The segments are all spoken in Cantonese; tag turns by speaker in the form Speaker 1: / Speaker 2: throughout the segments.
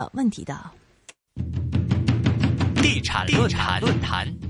Speaker 1: 呃問題的
Speaker 2: 地產論壇。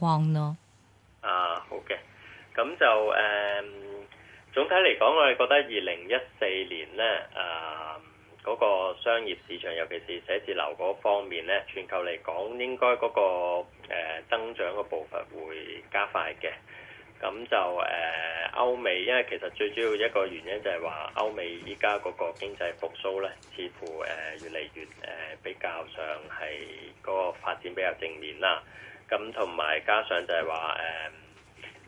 Speaker 1: 咯，
Speaker 3: 啊好嘅，咁就誒、呃，總體嚟講，我哋覺得二零一四年咧，啊、呃、嗰、那個商業市場，尤其是寫字樓嗰方面咧，全球嚟講，應該嗰、那個誒、呃、增長嘅步伐會加快嘅。咁就誒，歐、呃、美，因為其實最主要一個原因就係話，歐美依家嗰個經濟復蘇咧，似乎誒、呃、越嚟越誒、呃、比較上係嗰個發展比較正面啦。咁同埋加上就係話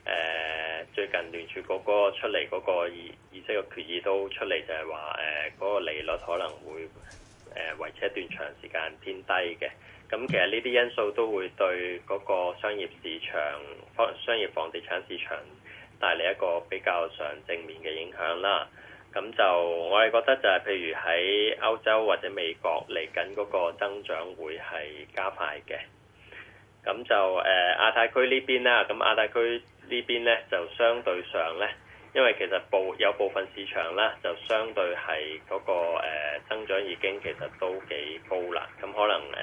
Speaker 3: 誒誒最近聯儲局嗰個出嚟嗰個議議息嘅決議都出嚟，就係話誒嗰個利率可能會誒維持一段長時間偏低嘅。咁其實呢啲因素都會對嗰個商業市場商業房地產市場帶嚟一個比較上正面嘅影響啦。咁就我哋覺得就係譬如喺歐洲或者美國嚟緊嗰個增長會係加快嘅。咁就誒、呃、亞太區呢邊啦，咁亞太區呢邊咧就相對上咧，因為其實部有部分市場啦，就相對係嗰個、呃、增長已經其實都幾高啦。咁可能誒誒、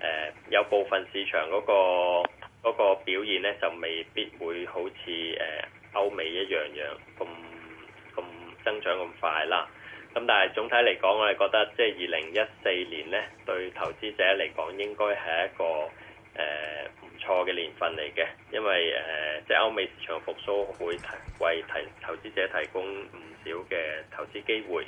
Speaker 3: 呃呃、有部分市場嗰個嗰個表現咧，就未必會好似誒、呃、歐美一樣樣咁咁增長咁快啦。咁但係總體嚟講，我哋覺得即係二零一四年咧，對投資者嚟講應該係一個誒唔錯嘅年份嚟嘅，因為誒、呃、即係歐美市場復甦會提為提，為提投資者提供唔少嘅投資機會。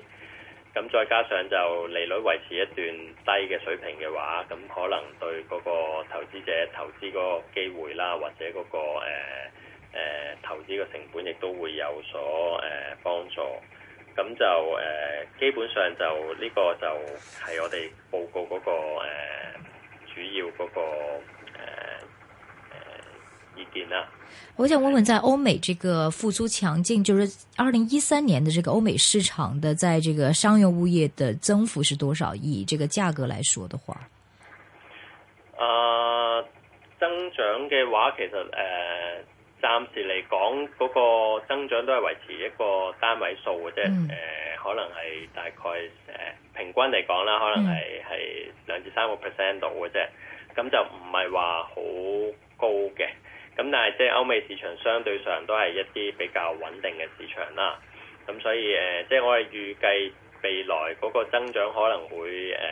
Speaker 3: 咁再加上就利率維持一段低嘅水平嘅話，咁可能對嗰個投資者投資嗰個機會啦，或者嗰、嗰個誒、呃呃、投資嘅成本亦都會有所誒幫、呃、助。咁就誒、呃、基本上就呢、呢個就係我哋報告嗰、嗰個、呃、主要嗰、嗰個。意見啦，
Speaker 1: 我想問問，在歐美這個復甦強勁，就是二零一三年的這個歐美市場的，在這個商用物業的增幅是多少？以這個價格來說的話，
Speaker 3: 誒、呃，增長嘅話，其實誒、呃，暫時嚟講，嗰、那個增長都係維持一個單位數嘅啫。誒、嗯呃，可能係大概誒、呃，平均嚟講啦，可能係係兩至三個 percent 度嘅啫。咁、嗯、就唔係話好高嘅。咁但係即係歐美市場相對上都係一啲比較穩定嘅市場啦，咁所以誒即係我哋預計未來嗰個增長可能會誒、呃、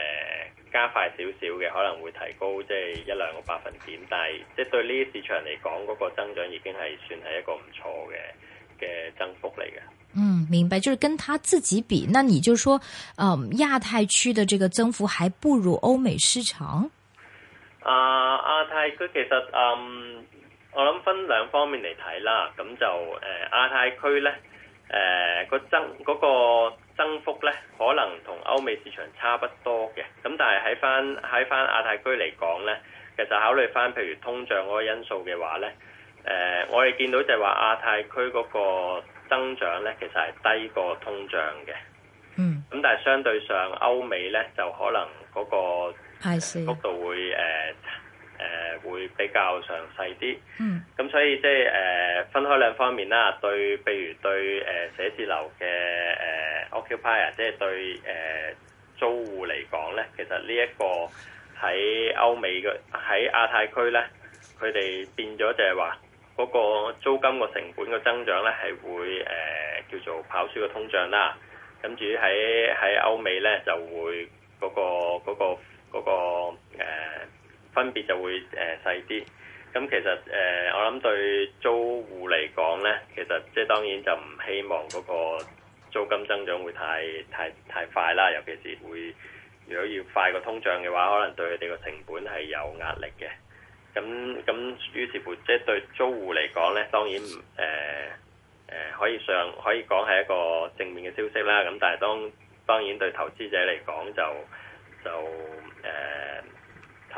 Speaker 3: 加快少少嘅，可能會提高即係一兩個百分點，但係即係對呢啲市場嚟講，嗰、那個增長已經係算係一個唔錯嘅嘅增幅嚟嘅。
Speaker 1: 嗯，明白，就是跟他自己比，那你就說，嗯，亞太區的這個增幅還不如歐美市場。
Speaker 3: 呃、啊，亞太區其實嗯。我諗分兩方面嚟睇啦，咁就誒、呃、亞太區咧，誒、呃、個增嗰、那個增幅咧，可能同歐美市場差不多嘅。咁但係喺返喺返亞太區嚟講咧，其實考慮返譬如通脹嗰個因素嘅話咧，誒、呃、我哋見到就係話亞太區嗰個增長咧，其實係低過通脹嘅。嗯。咁但係相對上歐美咧，就可能嗰、那個幅的度會誒。呃誒、呃、會比較詳細啲，咁、嗯、所以即係誒分開兩方面啦。對，譬如對誒寫、呃、字樓嘅誒、呃、occupier，即係對誒、呃、租戶嚟講咧，其實呢一個喺歐美嘅喺亞太區咧，佢哋變咗就係話嗰個租金個成本嘅增長咧，係會誒、呃、叫做跑輸個通脹啦。咁至於喺喺歐美咧，就會嗰、嗰個嗰、嗰個、嗰個嗰個呃分別就會誒細啲，咁、呃、其實誒、呃、我諗對租戶嚟講呢，其實即係當然就唔希望嗰個租金增長會太太太快啦，尤其是會如果要快過通脹嘅話，可能對佢哋個成本係有壓力嘅。咁咁於是乎，即係對租戶嚟講呢，當然唔誒誒可以上可以講係一個正面嘅消息啦。咁但係當當然對投資者嚟講就就誒。呃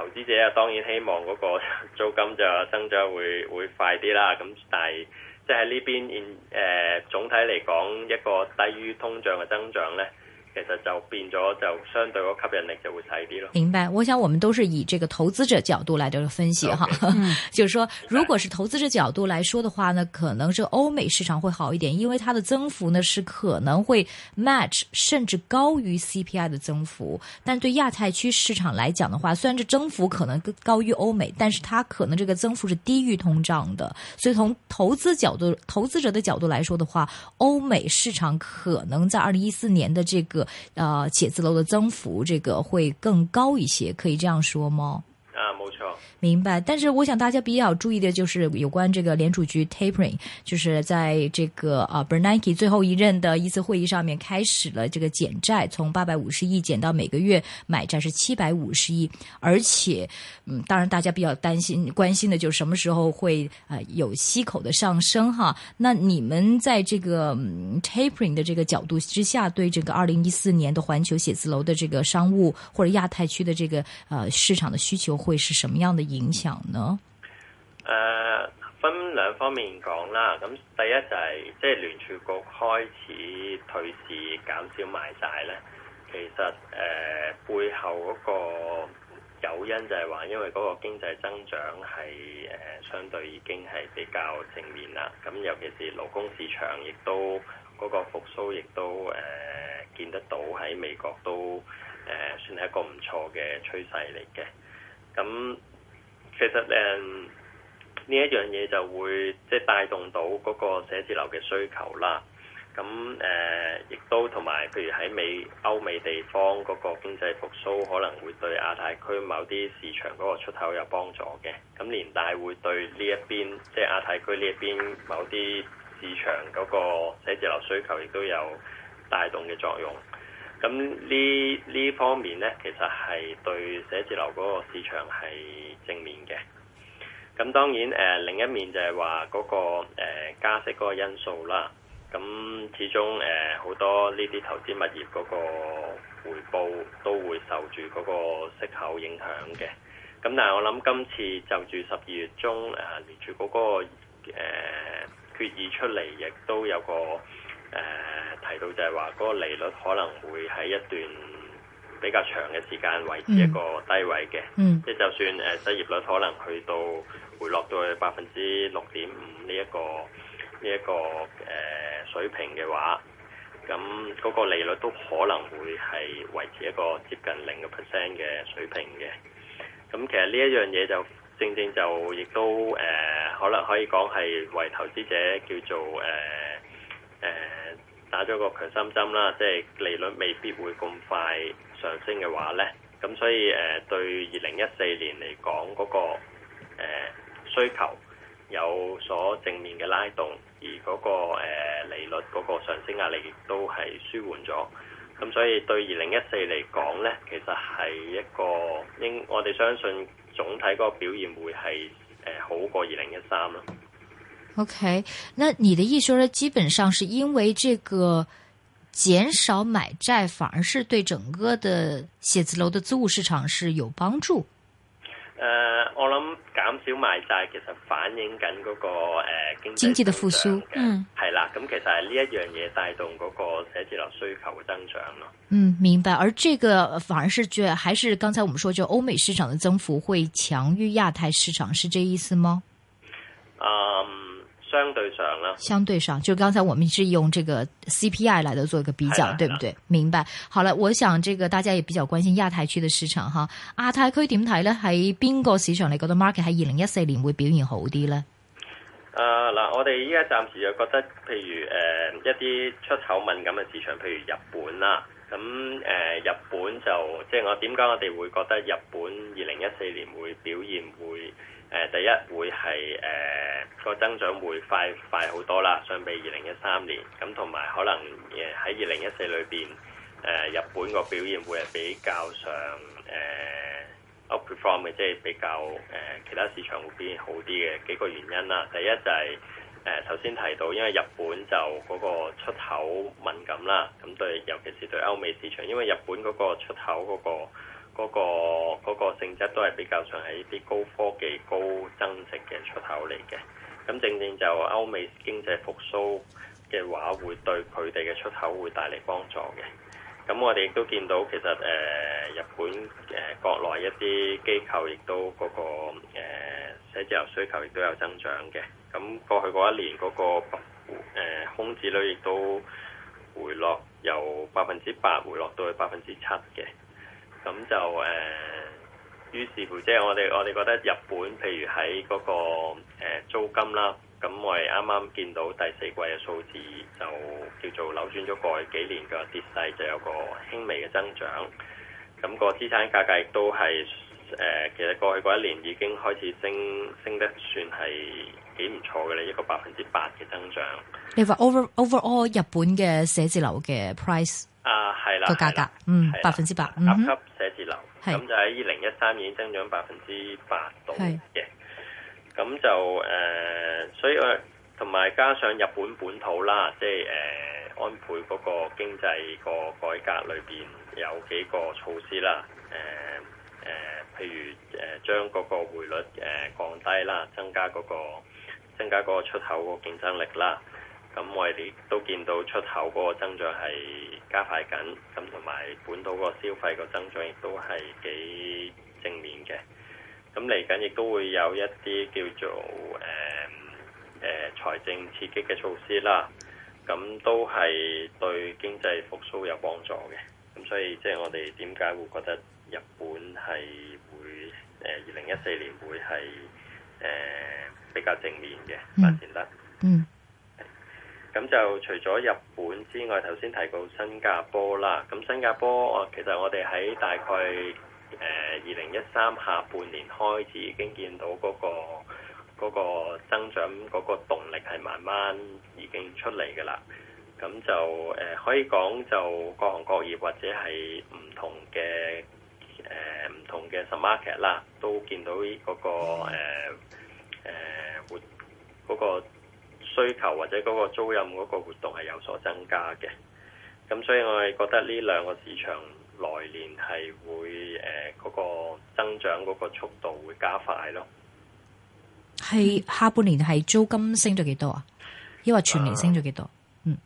Speaker 3: 投資者啊，當然希望嗰個租金就增長會會快啲啦。咁但係即係喺呢邊，誒、呃，總體嚟講，一個低於通脹嘅增長咧。其實就變咗就相對嗰吸引力就會細啲咯。明白，
Speaker 1: 我想我們都是以這個投資者角度來這個分析哈，Okay. 就是說，如果是投資者角度來說的話呢，可能是歐美市場會好一點，因為它的增幅呢是可能會 match 甚至高於 CPI 的增幅。但對亞太區市場來講的話，雖然這增幅可能高於歐美，但是它可能這個增幅是低於通脹的。所以從投資角度、投資者的角度來說的話，歐美市場可能在二零一四年的這個。啊，呃、寫字樓的增幅這個會更高一些，可以這樣說嗎？啊，冇錯。明白，但是我想大家比較注意的，就是有關這個聯儲局 tapering，就是在這個啊 Bernanke 最後一任的一次會議上面開始了這個減債，從八百五十億減到每個月買債是七百五十億，而且嗯，當然大家比較擔心關心的就是什麼時候會呃有息口的上升哈，那你們在這個、嗯、tapering 的這個角度之下，對這個二零一四年的環球寫字樓的這個商務或者亞太區的這個呃市場的需求會是什麼？咁樣嘅影響呢？誒，uh,
Speaker 3: 分兩方面講啦。咁第一就係、是，即係聯儲局開始退市減少買債咧。其實誒、呃，背後嗰個誘因就係話，因為嗰個經濟增長係誒、呃、相對已經係比較正面啦。咁、嗯、尤其是勞工市場亦都嗰、那個復甦，亦都誒見得到喺美國都誒、呃、算係一個唔錯嘅趨勢嚟嘅。咁其實誒呢、嗯、一樣嘢就會即係、就是、帶動到嗰個寫字樓嘅需求啦。咁誒亦都同埋，譬如喺美歐美地方嗰個經濟復甦，可能會對亞太區某啲市場嗰個出口有幫助嘅。咁連帶會對呢一邊即係、就是、亞太區呢一邊某啲市場嗰個寫字樓需求亦都有帶動嘅作用。咁呢呢方面呢，其實係對寫字樓嗰個市場係正面嘅。咁當然誒、呃，另一面就係話嗰個、呃、加息嗰個因素啦。咁始終誒好多呢啲投資物業嗰個回報都會受住嗰個息口影響嘅。咁但係我諗今次就住十二月中誒、啊，連住嗰、嗰個誒、呃、決議出嚟，亦都有個。誒、呃、提到就係話，嗰個利率可能會喺一段比較長嘅時間維持一個低位嘅，mm. Mm. 即就算誒、呃、失業率可能去到回落到去百分之六點五呢一個呢一個誒、呃、水平嘅話，咁嗰個利率都可能會係維持一個接近零嘅 percent 嘅水平嘅。咁其實呢一樣嘢就正正就亦都誒、呃，可能可以講係為投資者叫做誒。呃誒打咗個強心針啦，即係利率未必會咁快上升嘅話呢。咁所以誒對二零一四年嚟講嗰個、呃、需求有所正面嘅拉動，而嗰、嗰個、呃、利率嗰個上升壓力亦都係舒緩咗，咁所以對二零一四嚟講呢，其實係一個應我哋相信總體嗰個表現會係誒好過二零一三咯。
Speaker 1: O、okay. K，那你的意思說，基本上是因為這個減少買債，反而是對整個的寫字樓的租務市場是有幫助。
Speaker 3: 誒、呃，我諗減少買債其實反映緊嗰、那個誒、呃、經濟的復甦嗯，係啦，咁其實係呢一樣嘢帶動嗰個寫字樓需求增長咯。嗯，
Speaker 1: 嗯，明白。而這個反而是，就還是剛才我們說，就歐美市場的增幅會強於亞太市場，是這意思嗎？嗯。
Speaker 3: 相對上啦，相
Speaker 1: 對上就剛才我們是用這個 CPI 來到做一個比較，是的 對不對？是的 明白。好啦，我想這個大家也比較關心亞太區的市場哈，亞太區點睇呢？喺邊個市場你覺得 market 喺二零一四年會表現好啲呢？
Speaker 3: 誒嗱、呃，我哋依家暫時又覺得，譬如誒、呃、一啲出口敏感嘅市場，譬如日本啦，咁、啊、誒、呃、日本就即係我點講？我哋會覺得日本二零一四年會表現會，誒第一會係誒個增長會快快好多啦，相比二零一三年咁，同埋可能誒喺二零一四裏邊，誒、呃、日本個表現會係比較上誒、呃、outperform 嘅，即係比較誒、呃、其他市場會表現好啲嘅幾個原因啦。第一就係誒頭先提到，因為日本就嗰個出口敏感啦，咁對尤其是對歐美市場，因為日本嗰個出口嗰個。嗰、那個嗰、那個性質都係比較上係一啲高科技高增值嘅出口嚟嘅，咁正正就歐美經濟復甦嘅話，會對佢哋嘅出口會帶嚟幫助嘅。咁我哋亦都見到其實誒、呃、日本誒、呃、國內一啲機構亦都嗰個誒寫字樓需求亦都有增長嘅。咁過去嗰一年嗰、那個、呃、空置率亦都回落，由百分之八回落到去百分之七嘅。咁就誒、呃，於是乎，即係我哋我哋覺得日本，譬如喺嗰、嗰個、呃、租金啦，咁我哋啱啱見到第四季嘅數字，就叫做扭轉咗過去幾年嘅跌勢，就有個輕微嘅增長。咁、嗰個資產價格亦都係誒，其實過去嗰一年已經開始升，升得算係幾唔錯嘅咧，一個百分之八嘅增長。
Speaker 1: 你話 over overall 日本嘅寫字樓嘅 price？
Speaker 3: 啊，係啦，個價格，啦嗯，百分之百，甲級寫字樓，咁就喺二零一三年已經增長百分之八度嘅，咁、嗯、哼就誒是、呃，所以同埋加上日本本土啦，即係誒、呃、安倍嗰個經濟個改革裏邊有幾個措施啦，誒、呃、誒、呃，譬如誒將嗰個匯率誒降低啦，增加嗰、嗰個增加嗰個出口嗰個競爭力啦。咁我哋都見到出口嗰個增長係加快緊，咁同埋本土個消費個增長亦都係幾正面嘅。咁嚟緊亦都會有一啲叫做誒誒、嗯嗯、財政刺激嘅措施啦，咁都係對經濟復甦有幫助嘅。咁所以即係我哋點解會覺得日本係會誒二零一四年會係誒、呃、比較正面嘅發展得嗯。嗯咁就除咗日本之外，頭先提到新加坡啦。咁新加坡，我其實我哋喺大概誒二零一三下半年開始，已經見到嗰個嗰個增長嗰個動力係慢慢已經出嚟嘅啦。咁就誒、呃、可以講就各行各業或者係唔同嘅誒唔同嘅市場啦，都見到嗰個誒活嗰個需求或者嗰個租賃嗰個活動係有所增加嘅，咁所以我哋覺得呢兩個市場來年係會誒嗰、呃嗰個增長嗰個速度會加快咯。
Speaker 1: 係下半年係租金升咗幾多啊？抑或全年升咗幾多？嗯、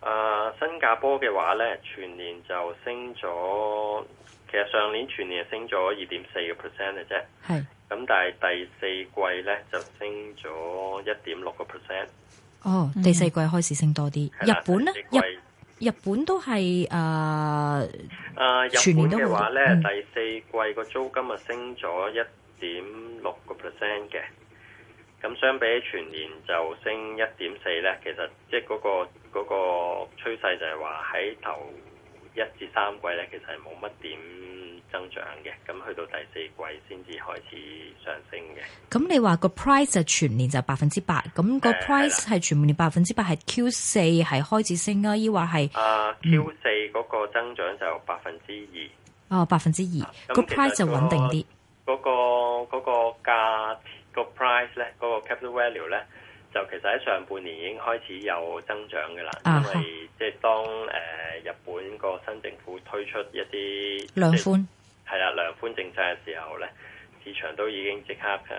Speaker 3: 誒、啊，新加坡嘅話咧，全年就升咗，其實上年全年係升咗二點四個 percent 嘅啫。係。咁但係第四季咧就升咗一點六個 percent。
Speaker 1: 哦，第四季開始升多啲。日本咧、呃啊，日日本都係誒
Speaker 3: 誒，全年嘅話咧，嗯、第四季個租金啊升咗一點六個 percent 嘅。咁、嗯、相比起全年就升一點四咧，其實即係嗰個嗰、嗰個趨勢就係話喺頭一至三季咧，其實係冇乜點。增長嘅，咁去到第四季先至開始上升嘅。
Speaker 1: 咁、嗯嗯、你話個 price 就全年就百分之八，咁個 price 係全年百分之八係 Q 四係開始升啊，抑或係。
Speaker 3: 啊、uh，Q 四嗰、嗯、個增長就百分之二。哦，百分之二，啊、個 price 就穩定啲。嗰、那個嗰、那個價、那個 price 咧，嗰、那個 capital value 咧，就其實喺上半年已經開始有增長嘅啦。啊，因為即係當誒、呃、日本個新政府推出一啲量寬。係啦，量寬政策嘅時候咧。市場都已經即刻誒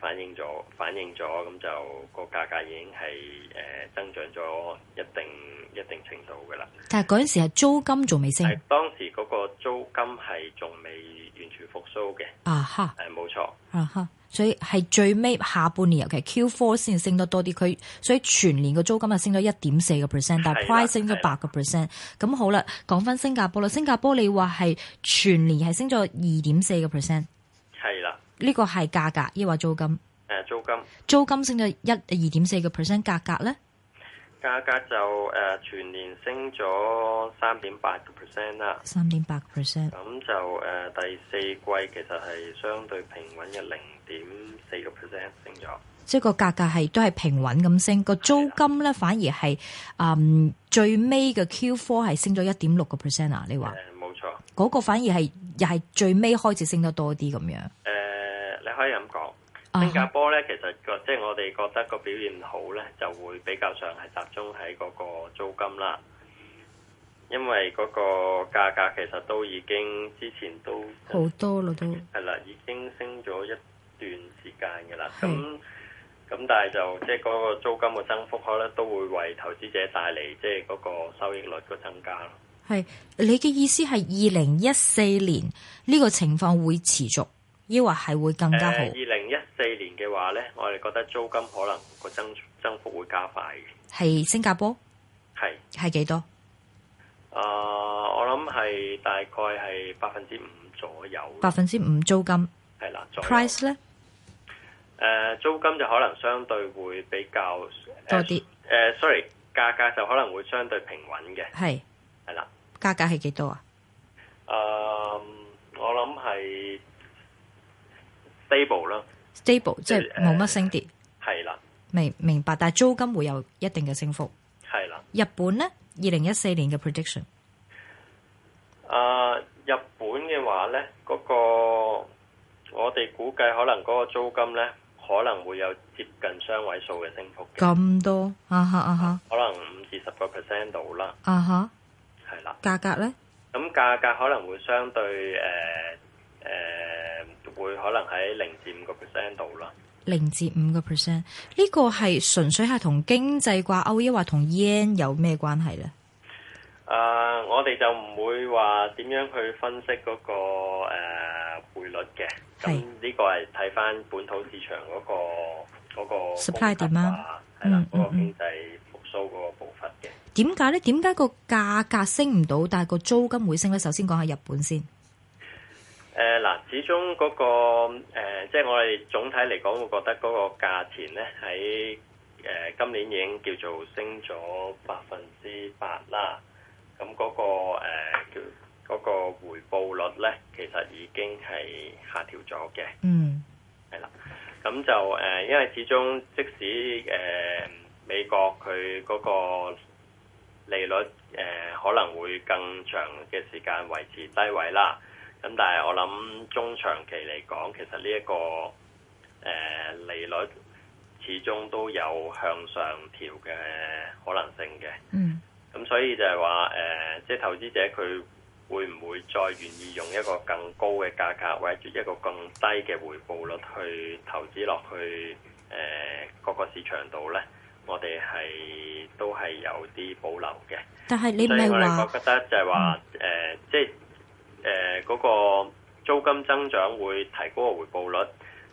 Speaker 3: 反映咗，反映咗，咁就個價格已經係誒增長咗一定一定程度噶啦。
Speaker 1: 但係嗰陣時，係租金仲未升。係
Speaker 3: 當時嗰個租金係仲未完全復甦嘅。啊哈。誒、啊，冇錯。
Speaker 1: 啊哈。所以係最尾下半年，尤其 Q4 先升得多啲。佢所以全年個租金係升咗一點四個 percent，但係 price 升咗八個 percent。咁好啦，講翻新加坡啦。新加坡你話係全年係升咗二點四個 percent。呢個係價格，抑或租金？誒，租金租金升咗一二點四個 percent，價格咧？
Speaker 3: 價格，格就誒、呃，全年升咗三點八個 percent 啦，三點八個 percent。咁就誒、呃，第四季其實係相對平穩嘅零點四個 percent
Speaker 1: 升咗，即係個價格係都係平穩咁升。個租金咧反而係嗯、呃、最尾嘅 Q four 係升咗一點六個 percent 啊。你話？誒、呃，冇錯。嗰個反而係又係最尾開始升得多啲咁、呃、樣。
Speaker 3: 誒。可以咁講，新加坡咧，其實個即係我哋覺得個表現好咧，就會比較上係集中喺嗰個租金啦。因為嗰個價格其實都已經之前都好多咯，都係啦，已經升咗一段時間嘅啦。咁咁是，但係就即係嗰個租金嘅增幅，可能都會為投資者帶嚟即係嗰個收益率嘅增加。
Speaker 1: 係，你嘅意思係二零一四年呢個情況會持續？抑或係會更加好。二
Speaker 3: 零一四年嘅話呢，我哋覺得租金可能個增增幅會加快嘅。
Speaker 1: 係新加坡，係係幾多？
Speaker 3: 啊，我諗係大概係百分之五左右。百分之五租金係啦。Price 呢？誒，租金就可能相對會比較多啲。誒，sorry，價格就可能會相對平穩嘅。係係啦。
Speaker 1: 價格係幾多啊？
Speaker 3: 誒，我諗係。Stable
Speaker 1: 啦，stable 即係冇乜升跌，係啦、呃，明明白，但係租金會有一定嘅升幅，
Speaker 3: 係啦的、
Speaker 1: 呃。日本咧，二零一四年嘅 prediction，
Speaker 3: 啊，日本嘅話咧，嗰個我哋估計可能嗰個租金咧，可能會有接近雙位數嘅升幅，
Speaker 1: 咁多啊哈啊哈，uh huh,
Speaker 3: uh huh. 可能五至十個 percent 度啦，啊哈，係啦。Uh huh. 的價格咧，咁價格可能會相對誒誒。呃呃會可能喺零至五個 percent 度啦，
Speaker 1: 零至五個 percent 呢個係純粹係同經濟掛鈎，抑或同 yen 有咩關係咧？
Speaker 3: 誒，我哋就唔會話點樣去分析嗰個誒匯率嘅。係呢個係睇翻本土市場嗰是個 supply 點啊，係啦，嗰個經濟復蘇嗰個部分嘅。
Speaker 1: 點解咧？點解個價格升唔到，但係個租金會升咧？首先講下日本先。
Speaker 3: 誒嗱，始終嗰、那個、呃、即係我哋總體嚟講，我覺得嗰個價錢咧喺誒今年已經叫做升咗百分之八啦。咁嗰、那個、呃、叫嗰、那個、回報率咧，其實已經係下調咗嘅。嗯，係啦。咁就誒、呃，因為始終即使誒、呃、美國佢嗰個利率誒、呃、可能會更長嘅時間維持低位啦。咁但係我諗中長期嚟講，其實呢、這、一個誒、呃、利率始終都有向上調嘅可能性嘅。嗯。咁、嗯、所以就係話誒，即係投資者佢會唔會再願意用一個更高嘅價格，或者一個更低嘅回報率去投資落去誒、呃、各個市場度咧？我哋係都係有啲保留嘅。但係你唔係我，說我覺得就係話誒，即係。誒嗰、呃，那個租金增長會提高個回報率，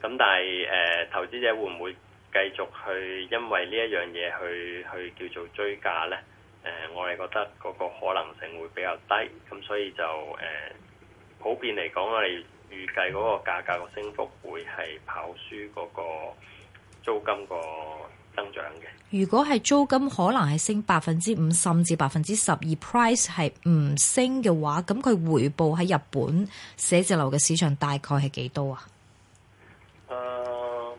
Speaker 3: 咁但係誒、呃、投資者會唔會繼續去因為呢一樣嘢去去叫做追價呢，誒、呃，我哋覺得嗰個可能性會比較低，咁所以就誒、呃、普遍嚟講，我哋預計嗰個價格嘅升幅會係跑輸嗰個租金個。增長
Speaker 1: 嘅，如果係租金可能係升百分之五，甚至百分之十二，price 係唔升嘅話，咁佢回報喺日本寫字樓嘅市場大概係幾多啊？誒，uh,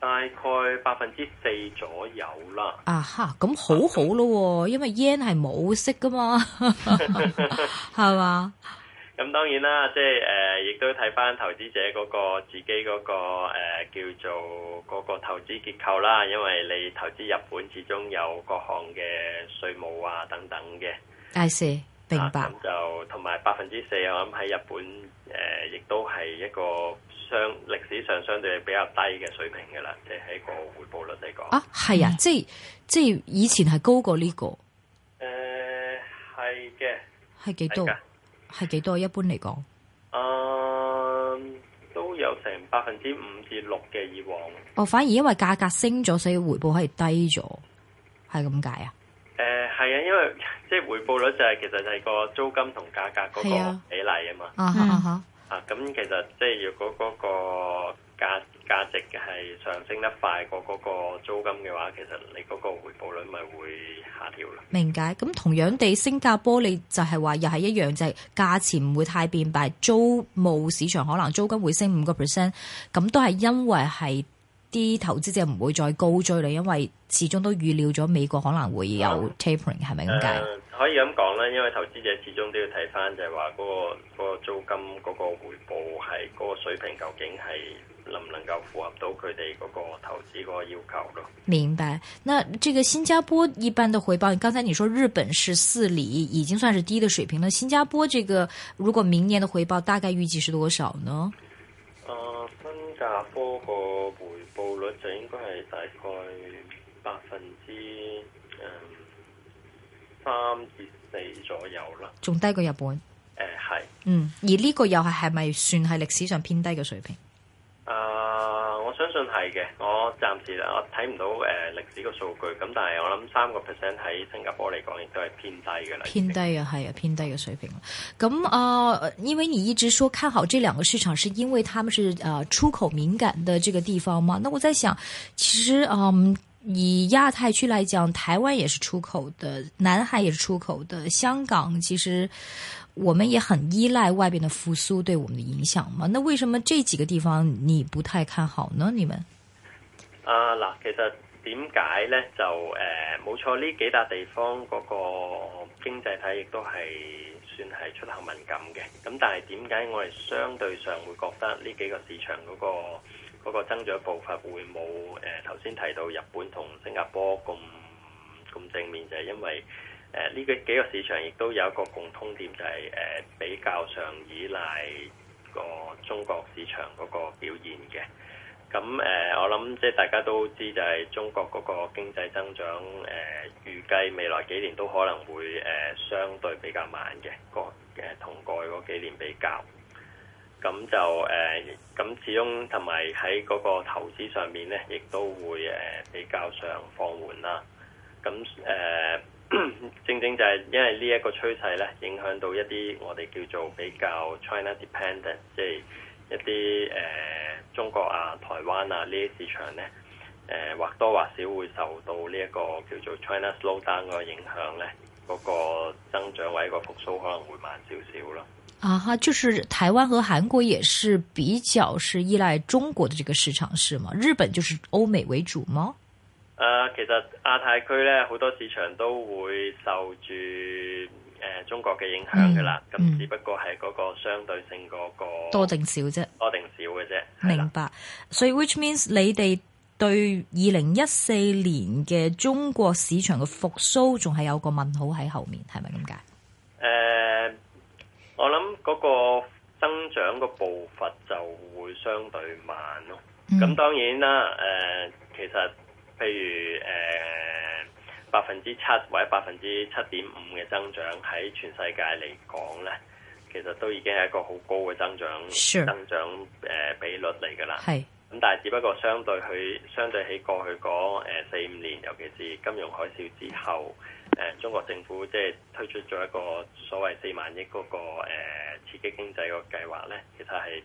Speaker 3: 大概百分之四左右啦。
Speaker 1: 啊哈，咁好好咯，因為 yen 係冇息噶嘛，係 嘛？
Speaker 3: 咁當然啦，即係誒，亦、呃、都睇返投資者嗰個自己嗰、那個、呃、叫做嗰個投資結構啦，因為你投資日本始終有各項嘅稅務啊等等嘅。
Speaker 1: 係、啊，明白、
Speaker 3: 啊。就同埋百分之四，我諗喺日本誒，亦都係一個相歷史上相對比較低嘅水平噶啦，即係喺個回報率嚟講。啊，係啊，即係
Speaker 1: 即係以前係高過呢、這個。
Speaker 3: 誒、呃，係嘅。係幾多？
Speaker 1: 係幾多？一般嚟講，誒
Speaker 3: ，uh, 都有成百分之五至六嘅以往。
Speaker 1: 哦，反而因為價格升咗，所以回報係低咗，係咁解啊？誒，係啊，因
Speaker 3: 為即係、就係、回報率就係、係、其實係個租金同價格嗰個比例啊嘛。Uh huh. 啊，咁其實即係如果嗰個價。價值嘅係上升得快過嗰個租金嘅話，其實你嗰個回報率咪會下調
Speaker 1: 咯。明解。咁同樣地，新加坡你就係話又係一樣，就係、是、價錢唔會太變，但係租務市場可能租金會升五個 percent。咁都係因為係啲投資者唔會再高追啦，因為始終都預料咗美國可能會有 tapering，係咪咁解？
Speaker 3: 可以咁講咧，因為投資者始終都要睇翻、嗰個，就係話嗰個嗰個租金嗰個回報係嗰、嗰個水平究竟係，能唔能夠符合到佢哋嗰個投資個要求咯？
Speaker 1: 明白。嗱，這個新加坡一般的回報，剛才你說日本是四厘，已經算是低的水平了。新加坡這個如果明年的回報大概預計是多少呢？呃，
Speaker 3: 新加坡個回報率就應該係大概百分之嗯三至四左右啦，仲低過日本。誒，呃，係。
Speaker 1: 嗯，而呢個又係係咪算係歷史上偏低嘅水平？
Speaker 3: 啊，uh, 我相信係嘅。我暫時我睇唔到誒、呃、歷史嘅數據，咁但係我諗三個 percent 喺新加坡嚟講，亦都係偏低嘅啦。偏低
Speaker 1: 啊，係啊，偏低嘅水平。咁啊、呃，因為你一直說看好這兩個市場，是因為他們是啊、呃、出口敏感的這個地方嘛？那我在想，其實嗯。呃以亞太區來講，台灣也是出口的，南海也是出口的，香港其實我們也很依賴外邊的復蘇對我們的影響嘛。那為什麼這幾個地方你不太看好呢？你們？
Speaker 3: 啊嗱，其實點解咧就誒冇錯呢幾笪地方嗰個經濟體亦都係算係出口敏感嘅，咁但係點解我哋相對上會覺得呢幾個市場嗰個？嗰個增長步伐會冇誒頭先提到日本同新加坡咁咁正面，就係、是、因為誒呢幾幾個市場亦都有一個共通點，就係、是、誒、呃、比較上依賴個中國市場嗰個表現嘅。咁誒、呃、我諗即係大家都知，就係中國嗰個經濟增長誒預、呃、計未來幾年都可能會誒、呃、相對比較慢嘅，過誒同過去嗰幾年比較。咁就誒，咁、呃、始終同埋喺嗰個投資上面咧，亦都會誒、呃、比較上放緩啦。咁誒、呃，正正就係因為趨勢呢一個趨勢咧，影響到一啲我哋叫做比較 China dependent，即係一啲誒、呃、中國啊、台灣啊呢啲市場咧，誒、呃、或多或少會受到呢一個叫做 China slowdown 個影響咧，嗰、那個增長或者個復甦可能會慢少少咯。
Speaker 1: 啊哈，就是台灣和韓國也是比較是依賴中國的這個市場，是嗎？日本就是歐美為主嗎？誒、
Speaker 3: 呃，其實亞太區呢，好多市場都會受住誒、呃、中國嘅影響噶啦，咁、嗯嗯、只不過係嗰個相對性嗰、嗰個多定少啫，多定少嘅啫。
Speaker 1: 明白，的所以 which means 你哋對二零一四年嘅中國市場嘅復甦仲係有個問號喺後面，係咪咁解？
Speaker 3: 誒、呃。我諗嗰個增長個步伐就會相對慢咯。咁、嗯、當然啦，誒、呃，其實譬如誒百分之七或者百分之七點五嘅增長喺全世界嚟講咧，其實都已經係一個好高嘅增長 Sure. 增長誒、呃、比率嚟㗎啦。係是。咁但係只不過相對去，相對起過去嗰四五年，尤其是金融海嘯之後。Mm hmm. 誒、呃，中國政府即係推出咗一個所謂四萬億嗰、那個、呃、刺激經濟嘅計劃咧，其實係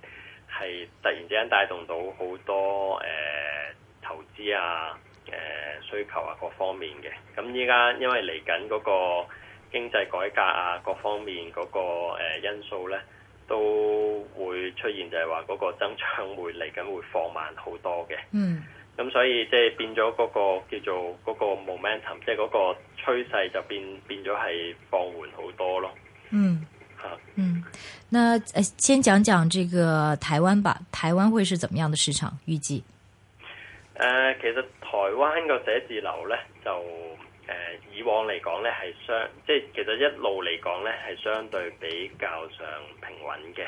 Speaker 3: 係突然之間帶動到好多誒、呃、投資啊、誒、呃、需求啊各方面嘅。咁依家因為嚟緊嗰個經濟改革啊各方面嗰、那個、呃、因素咧，都會出現就係話嗰個增長會嚟緊會放慢好多嘅。嗯。咁所以即係變咗嗰個叫做嗰個 momentum，即係嗰個趨勢就變變咗係放緩好多咯。嗯。嚇。
Speaker 1: 嗯。那誒，先講講這個台灣吧。台灣會是怎麼樣的市場預計？預
Speaker 3: 期、嗯？誒、嗯呃，其實台灣個寫字樓咧，就誒、呃、以往嚟講咧，係相即係其實一路嚟講咧，係相對比較上平穩嘅。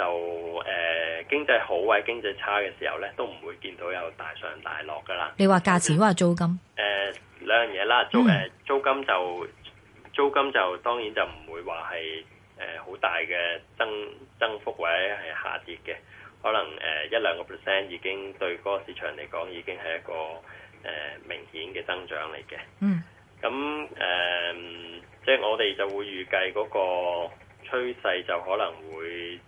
Speaker 3: 就誒、呃、經濟好或者經濟差嘅時候呢，都唔會見到有大上大落㗎喇。
Speaker 1: 你話價錢，話租金
Speaker 3: 誒、呃、兩樣嘢啦。租誒、呃、租金就租金就當然就唔會話係誒好大嘅增增幅或者係下跌嘅。可能誒一兩個 percent 已經對嗰個市場嚟講已經係一個誒、呃、明顯嘅增長嚟嘅。嗯，咁誒、呃、即係我哋就會預計嗰個趨勢就可能會。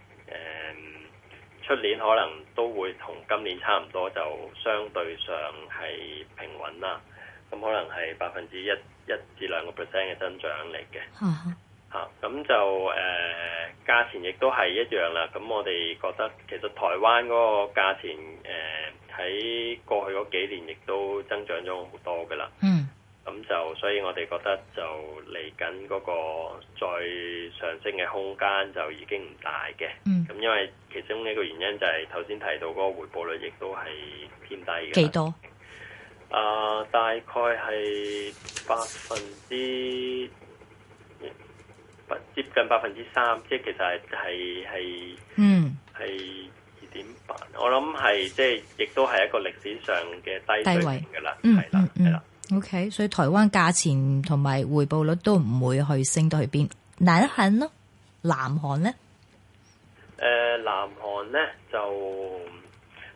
Speaker 3: 誒
Speaker 1: 出、嗯、年可能
Speaker 3: 都會同今年差唔多，就相對上係平穩啦。咁、嗯、可能係百分之一一至兩個 percent 嘅增長嚟嘅。嚇咁、嗯哼啊、就誒價、呃、錢亦都係一樣啦。咁我哋覺得其實台灣嗰個價錢喺、呃、過去嗰幾年亦都增長咗好多㗎啦。嗯。咁就，嗯、所以我哋覺得就嚟緊嗰個再上升嘅空間就已經唔大嘅。嗯。咁因為其中一個原因就係頭先提到嗰個回報率，亦都係偏低嘅。幾多少？啊、呃，大概係百分之百接近百分之三，即係其實係係嗯係二點八。二點八，我諗係即係亦都係一個歷史上嘅低水平嘅啦。嗯嗯了嗯。
Speaker 1: 嗯。OK，所以台灣價錢同埋回報率都唔會去升到去邊，難得很咯。南韓咧？
Speaker 3: 誒、呃，南韓咧就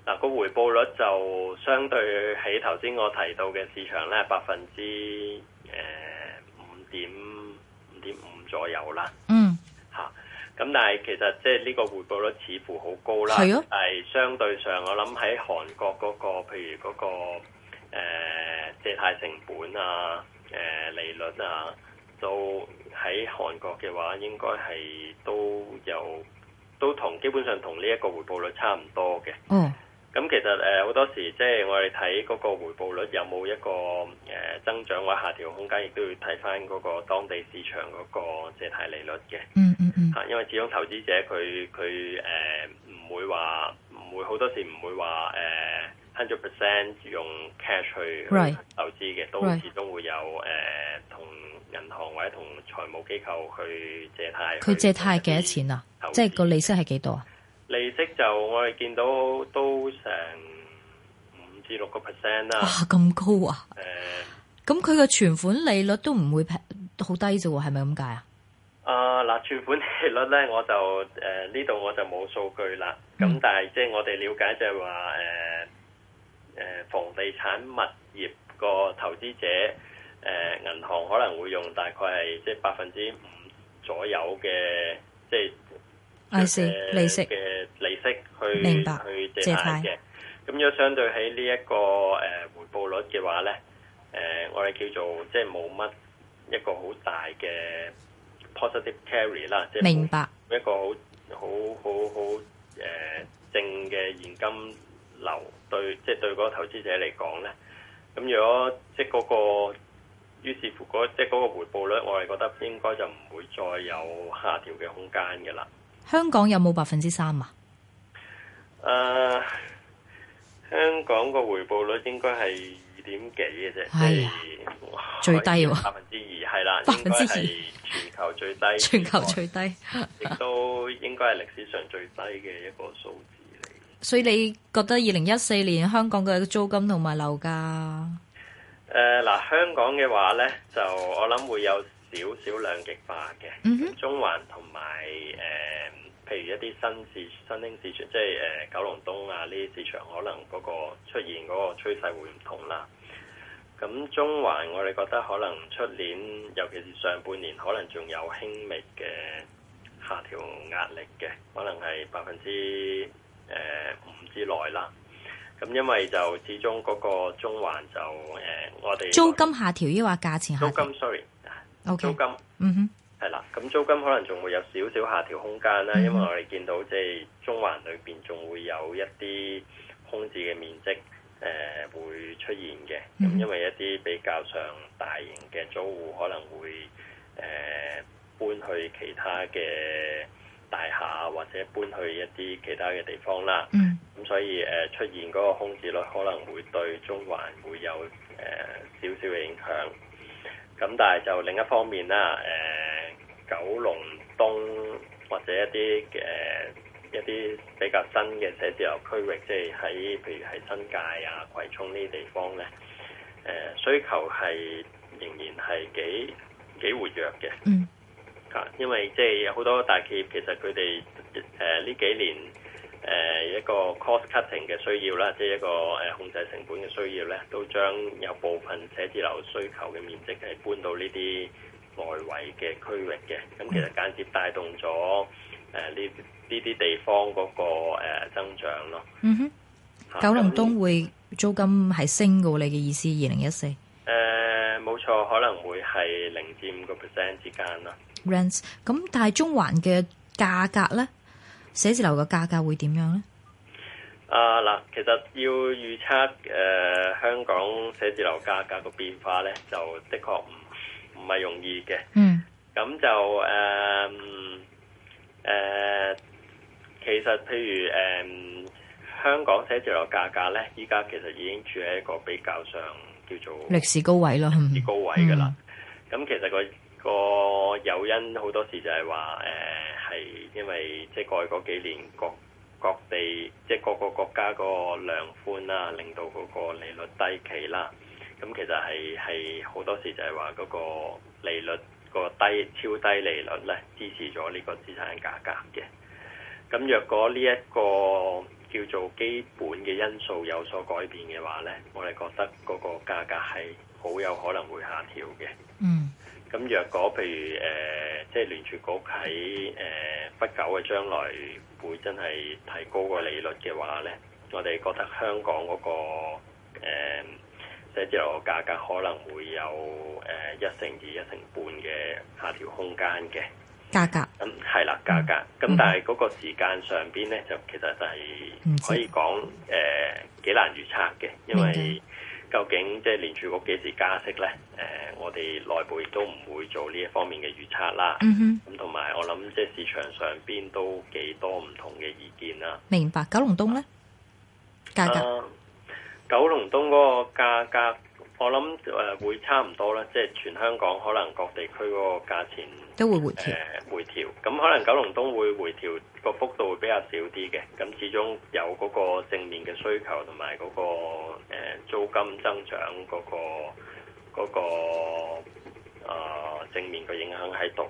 Speaker 3: 嗱個、呃、回報率就相對喺頭先我提到嘅市場咧，百分之誒五點五點五左右啦。嗯，嚇、啊。咁但係其實即係呢個回報率似乎好高啦。係啊。係相對上，我諗喺韓國嗰個，譬如嗰個。誒、呃、借貸成本啊，誒、呃、利率啊，都喺韓國嘅話，應該係都有都同基本上同呢一個回報率差唔多嘅。嗯。咁其實誒好、呃、多時即係我哋睇嗰個回報率有冇一個誒、呃、增長或者下調空間，亦都要睇翻嗰個當地市場嗰個借貸利率嘅。嗯嗯嗯。吓，因為始終投資者佢佢誒唔會話唔會好多時唔會話誒。呃100%用 cash 去投資嘅，Right. 到時都始終會有誒同、呃、銀行或者同財務機構去借貸。佢借貸幾多錢啊？資即係
Speaker 1: 個利息係幾多啊？
Speaker 3: 利息就我哋見到都成五至六個 percent 啦。哇！咁、啊、高啊！誒、呃，
Speaker 1: 咁佢嘅存款利率都唔會平，好低啫喎？係咪咁解
Speaker 3: 啊？啊嗱，存款利率咧，我就誒呢度我就冇數據啦。咁、嗯、但係即係我哋了解就係話誒。呃誒房地產物業個投資者，誒、呃、銀行可能會用大概係即係百分之五左右嘅即
Speaker 1: 係利息
Speaker 3: 嘅利息去明白去借貸嘅，咁樣借貸相對喺呢一個誒回報率嘅話咧，誒、呃、我哋叫做即係冇乜一個好大嘅 positive carry 啦，即明白一個好好好好誒正嘅現金流對，即、就、係、是、對嗰投資者嚟講咧，咁如果即係嗰個，於是乎嗰即係嗰個回報率，我哋覺得應該就唔會再有下調嘅空間嘅啦。
Speaker 1: 香港有冇百分之三啊？
Speaker 3: 誒，香港個回報率應該係二點幾嘅啫，係唉、就是、最低喎，百分之二，係啦，百分之二全球最低，全球最低，亦 都應該係歷史上最低嘅一個數字。
Speaker 1: 所以你覺得二零一四年香港嘅租金同埋樓價？
Speaker 3: 誒嗱，香港嘅話咧就我諗會有少少兩極化嘅。Mm hmm. 中環同埋誒，譬如一啲新市新興市場，即係誒、呃、九龍東啊呢啲市場，可能嗰個出現嗰個趨勢會唔同啦。咁中環我哋覺得可能出年，尤其是上半年可，可能仲有輕微嘅下調壓力嘅，可能係百分之。誒，五之內啦，咁因為就始終嗰個中環就誒、呃，我哋租金
Speaker 1: 下調，抑或價錢下
Speaker 3: 調，租金 sorry，ok，Okay .租金嗯哼，係啦，咁租金可能仲會有少少下調空間啦，嗯、因為我哋見到即係中環裏邊仲會有一啲空置嘅面積誒、呃，會出現嘅，咁、嗯嗯、因為一啲比較上大型嘅租戶可能會誒、呃、搬去其他嘅。大廈或者搬去一啲其他嘅地方啦，咁、嗯嗯、所以誒、呃、出現嗰個空置率可能會對中環會有誒、呃、少少嘅影響。咁、嗯、但係就另一方面啦，誒、呃、九龍東或者一啲嘅、呃、一啲比較新嘅寫字樓區域，即係喺譬如係新界啊、葵涌呢啲地方咧，誒、呃、需求係仍然係幾幾活躍嘅。嗯因為即係有好多大企業，其實佢哋誒呢幾年誒、呃、一個 cost cutting 嘅需要啦，即係一個誒、呃、控制成本嘅需要咧，都將有部分寫字樓需求嘅面積係搬到呢啲內圍嘅區域嘅。咁其實間接帶動咗誒呢呢啲地方嗰個增長咯。嗯哼、mm，hmm. 啊、九龍東
Speaker 1: 會租金係升過，你嘅意思？二零一四
Speaker 3: 誒冇錯，可能會係零至五個 percent 之間啦。
Speaker 1: 咁但係中環嘅價格呢，寫字樓嘅價格會點樣呢？
Speaker 3: 啊嗱，其實要預測誒香港寫字樓價格個變化呢，就的確唔唔係容易嘅。嗯。咁就誒誒，其實譬如誒香港寫字樓價格呢，依家其實已經處喺一個比較上叫做歷史高位咯，歷史高位㗎啦。咁其實個個誘因好多時就係話誒係因為即係過去嗰幾年各各地即係各個國家個量寬啦，令到嗰個利率低企啦。咁、嗯、其實係係好多時就係話嗰個利率、嗰個低超低利率咧，支持咗呢個資產價格嘅。咁若果呢一個叫做基本嘅因素有所改變嘅話咧，我哋覺得嗰個價格係好有可能會下調嘅。嗯。嗯咁若果譬如誒、呃，即係聯儲局喺誒、呃、不久嘅將來會真係提高個利率嘅話咧，我哋覺得香港嗰、那個即係之後個價格可能會有誒一、呃、成二、一成半嘅下調空間嘅價格。咁係啦，價、嗯、格。咁、嗯、但係嗰個時間上邊咧，就其實就係可以講誒幾難預測嘅，因為。究竟即係聯儲局幾時加息咧？誒、呃，我哋內部亦都唔會做呢一方面嘅預測啦。嗯哼。咁同埋我諗，即係市場上邊都幾多唔同嘅意見啦。
Speaker 1: 明白，九龍東咧，
Speaker 3: 啊、價格、啊、九龍東嗰個價格。我諗誒、呃、會差唔多啦，即係全香港可能各地區嗰個價錢都會回調，回調、呃。咁、嗯、可能九龍東會回調個幅度會比較少啲嘅。咁、嗯、始終有嗰個正面嘅需求同埋嗰個、呃、租金增長嗰、嗰個嗰、呃、正面嘅影響喺度。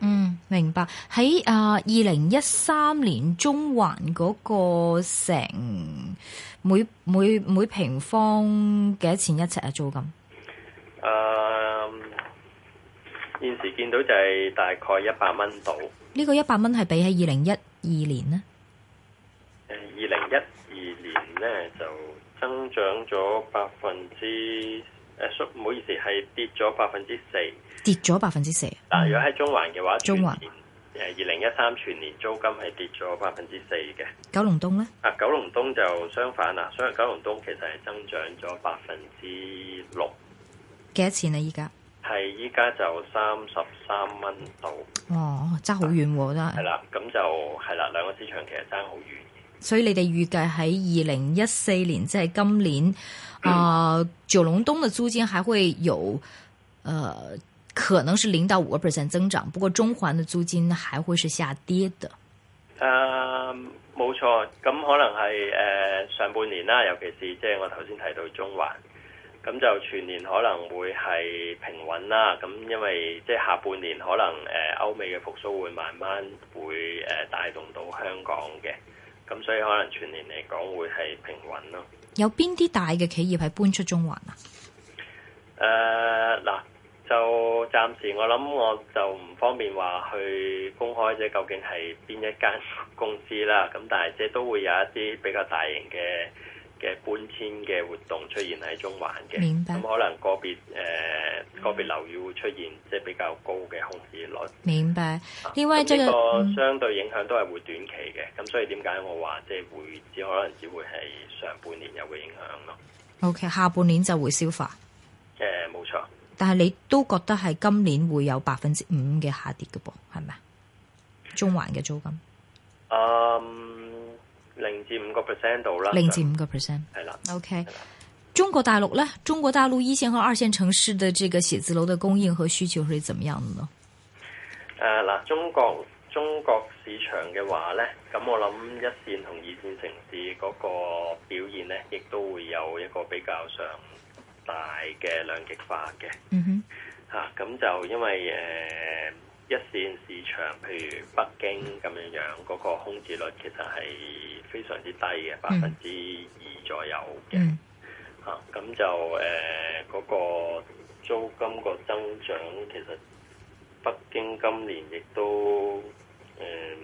Speaker 3: 嗯，
Speaker 1: 明白。喺啊二零一三年中環嗰個成。每每每平方幾多錢一尺啊？租金？
Speaker 3: 誒，現時見到就係大概一百蚊度。
Speaker 1: 呢個一百蚊係比喺二零一二年呢？
Speaker 3: 二零一二年呢就增長咗百分之誒，唔好意思係跌咗百分之四。
Speaker 1: 跌咗百分之四？
Speaker 3: 嗱，如果喺中環嘅話，中環。誒，二零一三全年租金係跌咗百分之四嘅。九龍東咧？啊，九龍東就相反啦，所以九龍東其實係增長咗百分之六。
Speaker 1: 幾多錢啊？依家
Speaker 3: 係依家就三十三蚊度。哦，爭好遠㗎。係啦，咁就係啦，兩個市場其實爭好遠。
Speaker 1: 所以你哋預計喺二零一四年，即係今年，啊、 呃，九龍東嘅租金還會有，誒、呃。可能是零到五個 percent 增長，不過中環的租金還會是下跌的。
Speaker 3: 誒，冇錯，咁可能係誒上半年啦，尤其是即係我頭先提到中環，咁就全年可能會係平穩啦。咁因為即係下半年可能誒歐美嘅復甦會慢慢會誒帶動到香港嘅，咁所以可能全年嚟講會係平穩咯。
Speaker 1: 有邊啲大嘅企業係搬出中環啊？
Speaker 3: 誒，嗱。就暫時，我諗我就唔方便話去公開啫。即究竟係邊一間公司啦？咁但係即係都會有一啲比較大型嘅嘅搬遷嘅活動出現喺中環嘅。明白。咁可能個別誒、呃嗯、個別樓宇會出現即係比較高嘅空置率。明白呢？啊呢個、個相對影響都係會短期嘅。咁、嗯、所以點解我話即係會只可能只會係上半年有嘅影響咯。
Speaker 1: Okay，下半年就會消化。
Speaker 3: 誒、嗯，冇錯。
Speaker 1: 但係你都覺得係今年會有百分之五嘅下跌嘅噃，係咪？中環嘅租金？誒、
Speaker 3: um，零至五個 percent 度啦，零至五個 percent 係啦。
Speaker 1: OK，中國大陸咧，中國大陸一線和二線城市嘅這個寫字樓的供應和需求係怎麼樣呢？誒嗱、
Speaker 3: uh，中國中國市場嘅話咧，咁我諗一線同二線城市嗰個表現咧，亦都會有一個比較上。大嘅兩極化嘅，嚇咁、mm hmm. 啊、就因為誒、呃、一線市場，譬如北京咁樣樣，嗰、那個空置率其實係非常之低嘅，百分之二左右嘅，
Speaker 2: 嚇咁、
Speaker 3: mm hmm. 啊、就誒嗰、呃嗰個，租金個增長其實北京今年亦都誒、嗯、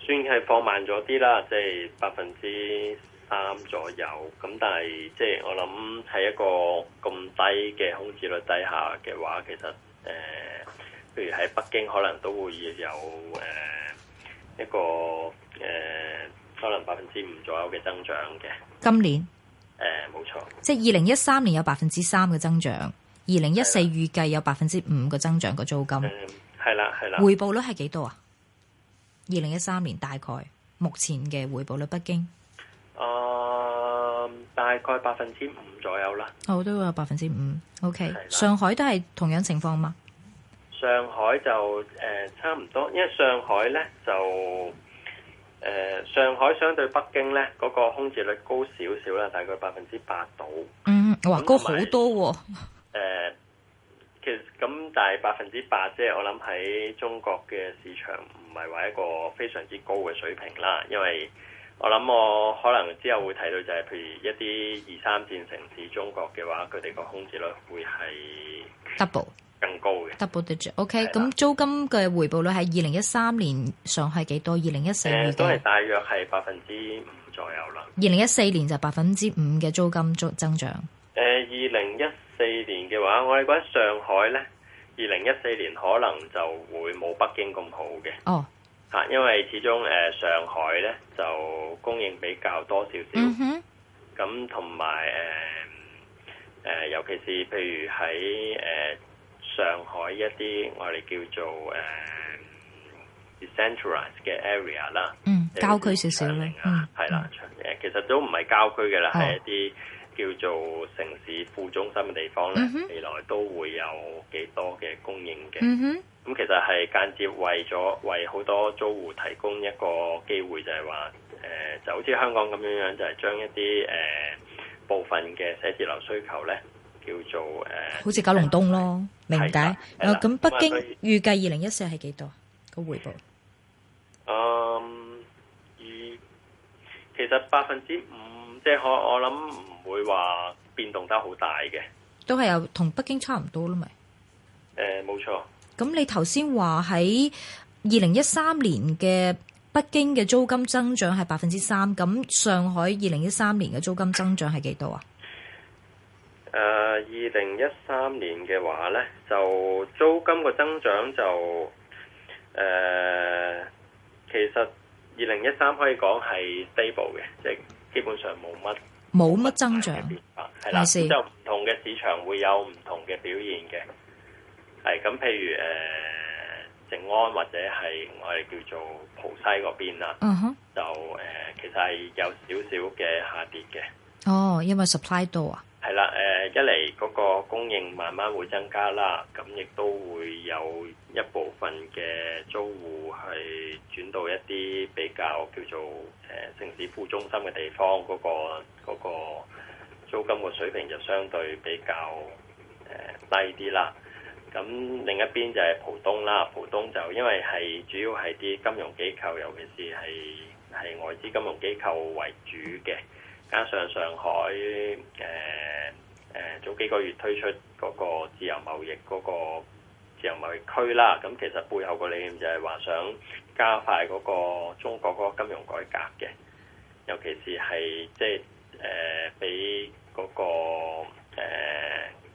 Speaker 3: 算係放慢咗啲啦，即係百分之。三左右咁，但係即係我諗喺一個咁低嘅空置率底下嘅話，其實誒，譬、呃、如喺北京可能都會有誒、呃、一個誒、呃，可能百分之五左右嘅增長嘅。今年誒，冇、呃、錯，
Speaker 1: 即係二零一三年有百分之三嘅增長，二零一四預計有百分之五嘅增長個租金
Speaker 3: 係啦係啦，嗯、回
Speaker 1: 報率係幾多啊？二零一三年大概目前嘅回報率，北京。
Speaker 3: 啊，uh, 大概百分之五左右啦。好、
Speaker 1: oh,，都會有百分之五。O、okay. K，的上海都係同樣情況嘛？
Speaker 3: 上海就誒、呃、差唔多，因為上海咧就誒、呃，上海相對北京咧嗰、那個空置率高少少啦，大概百分之八度。
Speaker 1: 嗯，哇，那高好多、哦。
Speaker 3: 誒、呃，其實咁但係百分之八，即係我諗喺中國嘅市場唔係話一個非常之高嘅水平啦，因為。我諗我可能之後會睇到就係，譬如一啲二三線城市中國嘅話，佢哋個空置率會係
Speaker 1: double
Speaker 3: 更高嘅。
Speaker 1: double OK，咁的租金嘅回報率喺二零一三年上係幾多？二零一四年都係
Speaker 3: 大約係百分之五左右啦。二零
Speaker 1: 一四年就百分之五嘅租金增增長。
Speaker 3: 誒、呃，二零一四年嘅話，我哋覺得上海呢，二零一四年可能就會冇北京咁好嘅。哦。Oh. 啊，因為始終誒、呃、上海咧就供應比較多少少，咁同埋誒誒尤其是譬如喺誒、呃、上海一啲我哋叫做誒、呃、decentralized 嘅 area 啦，嗯，郊區少少咧，啊、嗯，係啦，誒、嗯、其實都唔係郊區嘅啦，係、哦、一啲。叫做城市副中心嘅地方咧，未、mm hmm. 來都會有幾多嘅供應嘅。咁、mm hmm. 其實係間接為咗為好多租戶提供一個機會就，就係話誒，就好似香港咁樣樣，就係、是、將一啲誒、呃、部分嘅寫字樓需求咧，叫做誒，呃、好似九龍東
Speaker 1: 咯，嗯、明解。咁、啊、北京預計二零一四係幾多個回報？
Speaker 3: 嗯，二其實百分之五，即、就、係、是、我我諗。我我會話變動得好大嘅，
Speaker 1: 都係有同北京差唔多啦咪，
Speaker 3: 誒、呃，冇錯。
Speaker 1: 咁你頭先話喺二零一三年嘅北京嘅租金增長係百分之三，咁上海二零一三年嘅租金增長係幾多啊？誒、
Speaker 3: 呃，二零一三年嘅話呢，就租金嘅增長就誒、呃，其實二零一三可以講係低部嘅，即、就是、基本上冇乜。
Speaker 1: 冇乜增長
Speaker 3: 嘅變化啦，就唔同嘅市場會有唔同嘅表現嘅，係咁譬如誒，靜安或者係我哋叫做浦西嗰邊啦，嗯哼，就誒其實係有少少嘅下跌嘅，
Speaker 1: 哦，因為 supply 多啊。
Speaker 3: 係啦，誒一嚟嗰個供應慢慢會增加啦，咁亦都會有一部分嘅租戶係轉到一啲比較叫做誒、呃、城市副中心嘅地方，嗰個嗰個租金嘅水平就相對比較誒、呃、低啲啦。咁另一邊就係浦東啦，浦東就因為係主要係啲金融機構，尤其是係係外資金融機構為主嘅。加上上海誒誒早幾個月推出嗰個自由貿易嗰個自由貿易區啦，咁、嗯、其實背後個理念就係話想加快嗰個中國嗰個金融改革嘅，尤其是係即係誒俾嗰個誒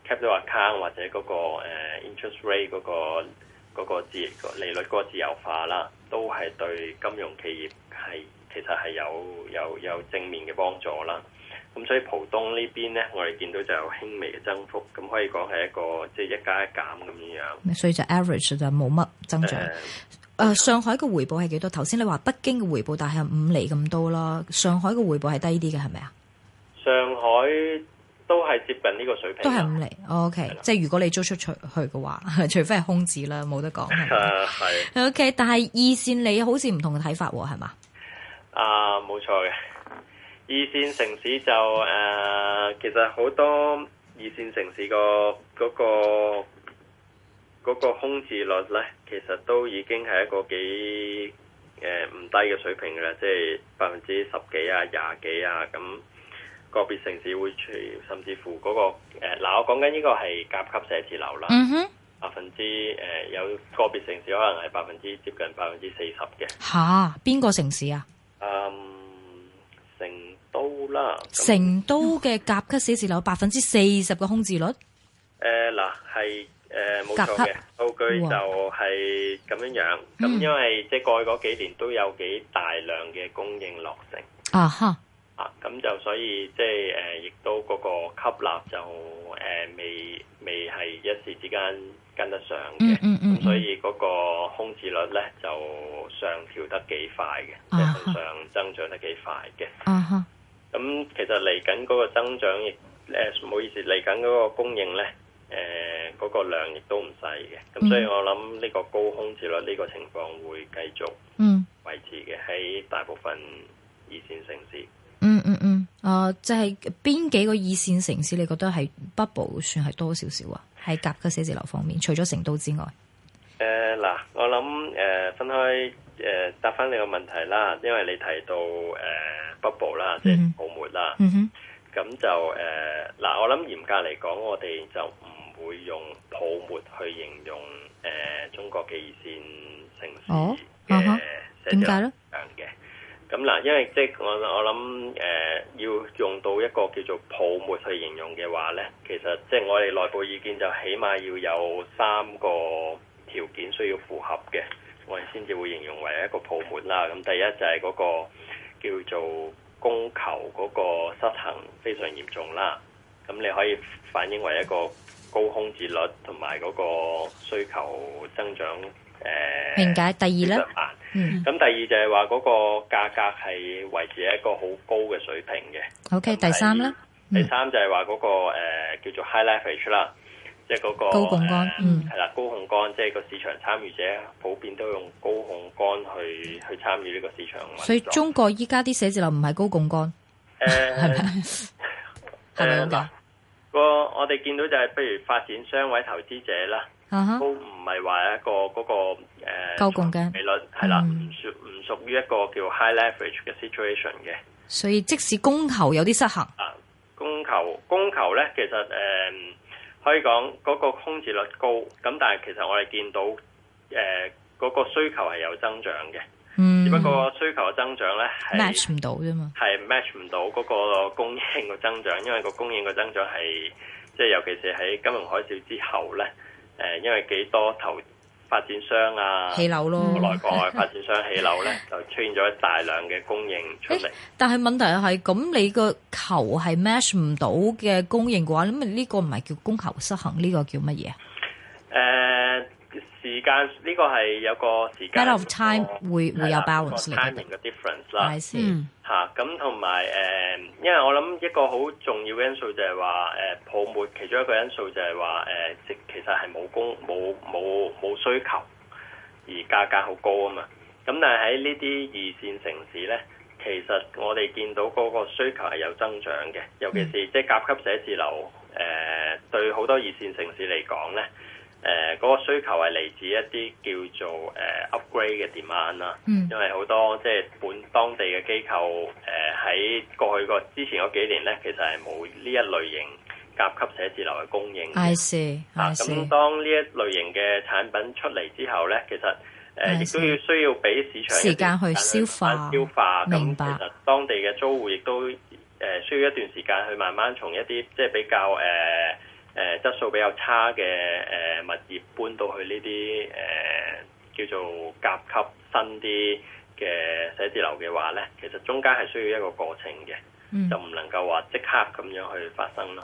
Speaker 3: capital、呃、account 或者嗰、嗰個誒、呃、interest rate 嗰、嗰個。嗰個自利率嗰個自由化啦，都係對金融企業係其實係有有有正面嘅幫助啦。咁所以浦東呢邊咧，我哋見到就有輕微嘅增幅，咁可以講係一個即係一加一減咁樣。
Speaker 1: 所以就 average 就冇乜增長。誒、呃，上海嘅回報係幾多？頭先你話北京嘅回報大概五厘咁多啦，上海嘅回報係低啲嘅係咪啊？上
Speaker 3: 海。都係接近呢個水平，都係咁嚟。
Speaker 1: O、okay, K，< 是的 S 1> 即係如果你租出去嘅話， 除非係空置啦，冇得講。係。
Speaker 3: Uh,
Speaker 1: 是 o、okay, K，但係二線你好似唔同嘅睇法喎，係嘛？
Speaker 3: 啊，冇錯嘅。二線城市就誒，uh, 其實好多二線城市，嗰個嗰個嗰個空置率咧，其實都已經係一個幾誒唔低嘅水平啦，即、就、係、是、百分之十幾啊、廿幾啊咁。個別城市會除，甚至乎嗰個，嗱，我講緊呢個係甲級寫字樓，
Speaker 1: 嗯、
Speaker 3: 哼、呃，有個別城市可
Speaker 1: 能係百分之，
Speaker 3: 接近百分之四十嘅，是。咁就、嗯嗯嗯、所以即係誒，亦、呃、都嗰個吸納就誒、呃、未未係一時之間跟得上嘅，咁、嗯嗯、所以嗰個空置率咧就上調得幾快嘅，即係向上增長得幾快嘅，咁、啊、其實嚟緊嗰個增長，亦誒唔好意思，嚟緊嗰個供應咧，誒、呃、嗰、嗰個量亦都唔細嘅，咁所以我諗呢個高空置率呢個情況會繼續維持嘅，喺、嗯、大部分二線城市。嗯嗯嗯，
Speaker 1: 啊、呃，就係邊幾個二線城市你覺得係 bubble 算係多少少啊？喺甲級寫字樓方面，除咗成都之外，
Speaker 3: 誒嗱、呃呃，我諗誒、呃、分開誒、呃、答翻你個問題啦，因為你提到誒、呃、bubble 啦，即係泡沫啦，咁就誒嗱、呃呃，我諗嚴格嚟講，我哋就唔會用泡沫去形容誒、呃、中國嘅二線城市嘅
Speaker 2: 點解咧？Uh
Speaker 3: huh 咁嗱、嗯，因為即係我我諗誒、呃、要用到一個叫做泡沫去形容嘅話咧，其實即係我哋內部意見就起碼要有三個條件需要符合嘅，我哋先至會形容為一個泡沫啦。咁、嗯、第一就係嗰個叫做供求嗰個失衡非常嚴重啦。咁、嗯、你可以反映為一個高空置率同埋嗰個需求增長。明解。第二咧，咁第二就係話嗰個價格係維持一個好高嘅水平嘅。
Speaker 1: OK，第三咧，
Speaker 3: 第三就係話嗰個誒叫做 high leverage 啦，即係嗰個高槓杆，係啦，高槓杆即係個市場參與者普遍都用高槓杆去去參與呢個市場。所以中國依
Speaker 1: 家啲寫字樓唔係高槓杆，
Speaker 3: 係咪係咪咁講？個我哋見到就係，譬如發展商位投資者啦。都唔係話一個嗰、那個誒，gearing 嘅比率係啦，唔屬唔屬於一個叫 high leverage 嘅 situation 嘅。
Speaker 1: 所以即使供求有啲失衡，
Speaker 3: 啊，供求供求咧，其實誒、呃、可以講嗰個空置率高，咁但係其實我哋見到誒嗰、呃那個需求係有增長嘅，嗯、只不過個需求嘅增長咧係 match 唔到啫嘛，係 match 唔到嗰個供應嘅增長，因為個供應嘅增長係即係尤其是喺金融海嘯之後咧。誒，因為幾多投發展商啊，起樓咯，國內國外發展商起樓咧，就出現咗大量嘅供應出
Speaker 1: 嚟。但係問題係，咁你個求係 match 唔到嘅供應嘅話，咁咪呢個唔係叫供求失衡，呢個叫乜嘢
Speaker 3: 啊？誒。時間呢，這個係有個時間嗰個
Speaker 1: timing
Speaker 3: 嘅 difference 啦，like that. 嗯，嚇咁同埋誒，因為我諗一個好重要嘅因素就係話誒泡沫，其中一個因素就係話誒，即其實係冇工冇冇冇需求，而價格好高啊嘛。咁但係喺呢啲二線城市咧，其實我哋見到嗰個需求係有增長嘅，尤其是即係甲級寫字樓誒，呃，對好多二線城市嚟講咧。誒嗰、呃那個需求係嚟自一啲叫做誒、呃、upgrade 嘅 demand 啦、嗯，因為好多即係、就是、本當地嘅機構誒喺、呃、過去個之前嗰幾年咧，其實係冇呢一類型甲級寫字樓嘅供應。I see，嗱咁、啊、當呢一類型嘅產品出嚟之後咧，其實誒亦 I see.、呃、都要需要俾市場 I see. 時間去消化，消白化，咁其實當地嘅租戶亦都誒需要一段時間去慢慢從一啲即係比較誒。呃呃誒、呃、質素比較差嘅誒、呃、物業搬到去呢啲誒叫做甲級新啲嘅寫字樓嘅話咧，其實中間係需要一個過程嘅，就唔能夠話即刻咁樣去發生咯。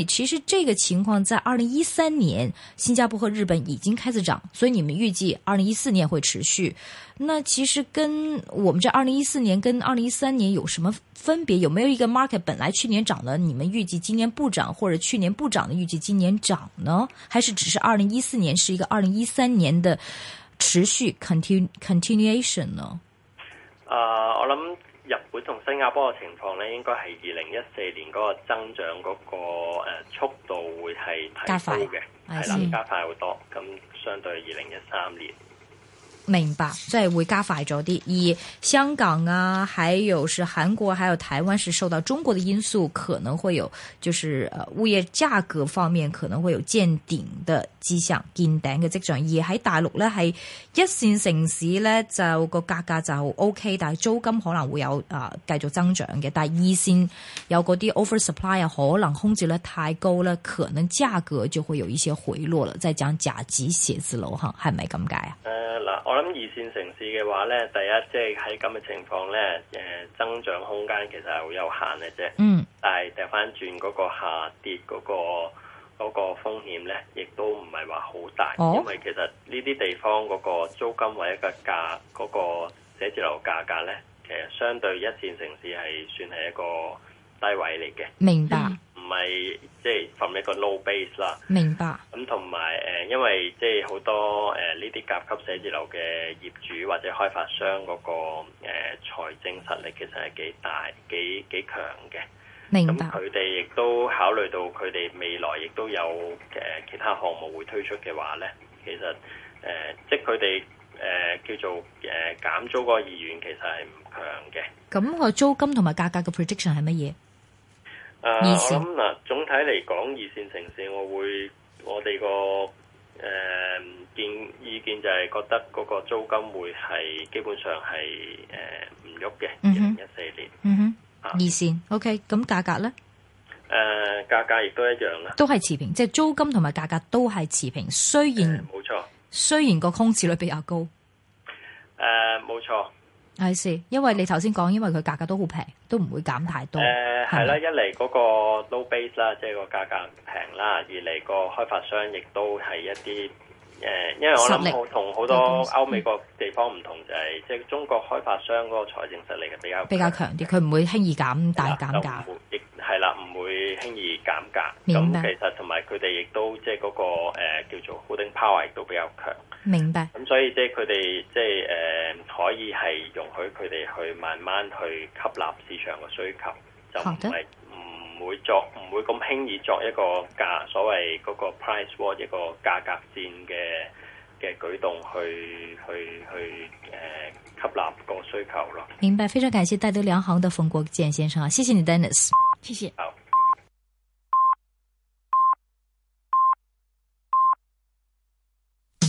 Speaker 1: 其實這個情況在二零一三年，新加坡和日本已經開始漲，所以你們預計二零一四年會持續。那其實跟我們這二零一四年跟二零一三年有什麼分別？有沒有一個 market 本來去年漲的，你們預計今年不漲，或者去年不漲的預計今年漲呢？還是只是二零一四年是一個二零一三年的持續 continue continuation 呢？啊，uh，我
Speaker 3: 諗。日本同新加坡嘅情況咧，應該係二零一四年嗰個增長嗰個速度會係提高嘅，係啦加，法的加快好多。咁 相對二零一三年。
Speaker 1: 明白，即係會加快咗啲，而香港啊，還有是韓國，還有台灣，是受到中國的因素，可能會有，就是誒物業價格方面可能會有見頂的跡象，見頂嘅跡象。而喺大陸呢，係一線城市呢，就個價格就 OK，但係租金可能會有啊繼、呃、續增長嘅。但係二線有嗰啲 over supply 啊，可能空置率太高呢，可能價格就會有一些回落啦。再講甲級寫字樓哈，係咪咁解啊？
Speaker 3: 呃呃呃我諗二線城市嘅話咧，第一即係喺咁嘅情況咧，誒、呃、增長空間其實係好有限嘅啫。嗯，但係掉翻轉嗰個下跌嗰、嗰個嗰、嗰個風險咧，亦都唔係話好大，哦、因為其實呢啲地方嗰個租金或者個價，嗰個寫字樓價格咧，其實相對一線城市係算係一個低位嚟嘅。明白。嗯唔係，即係 from 一個 low base 啦，明白。咁同埋誒，因為即係好多誒呢啲甲級寫字樓嘅業主或者開發商嗰個誒財政實力其實係幾大、幾幾強嘅。明白。佢哋亦都考慮到佢哋未來亦都有誒其他項目會推出嘅話咧，其實誒即係佢哋誒叫做誒減租個意願其實係唔強嘅。
Speaker 1: 咁個租金同埋價格嘅 prediction 係乜嘢？
Speaker 3: 誒，呃、二線我諗嗱，總體嚟講，二線城市我會，我哋個誒見意見就係覺得嗰個租金會係基本上係誒唔喐嘅，二零一四年。嗯哼，二線、
Speaker 1: 啊、，OK，咁價格咧？
Speaker 3: 誒、呃，價格亦都一樣啦、啊，都係持
Speaker 1: 平，即係租金同埋價格都係持平，雖然冇錯，呃、雖然個空置率比較高。
Speaker 3: 誒、呃，冇錯。
Speaker 1: 係，是因為你頭先講，因為佢價格都好平，都唔會減太多。誒、呃，係啦嗎，
Speaker 3: 一嚟嗰個 low base 啦，即係個價格平啦；二嚟個開發商亦都係一啲誒、呃，因為我諗同好多歐美個地方唔同，就係即係中國開發商嗰個財政實力係比較比
Speaker 1: 較強啲，佢唔會輕易減大啦減價。
Speaker 3: 亦係啦，唔會輕易減價。咁其實同埋佢哋亦都即係嗰、那個、呃、叫做 holding power 亦都比較強。明白。咁、嗯、所以即係佢哋即係誒、呃，可以係容許佢哋去慢慢去吸納市場嘅需求，就唔係唔會作唔的會咁輕易作一個價所謂嗰個 price war 一個價格戰嘅嘅舉動去去去誒、呃、吸納個需求咯。
Speaker 1: 明白，非常感謝戴德梁行嘅馮國健先生啊，謝謝你，Dennis，
Speaker 3: 謝謝。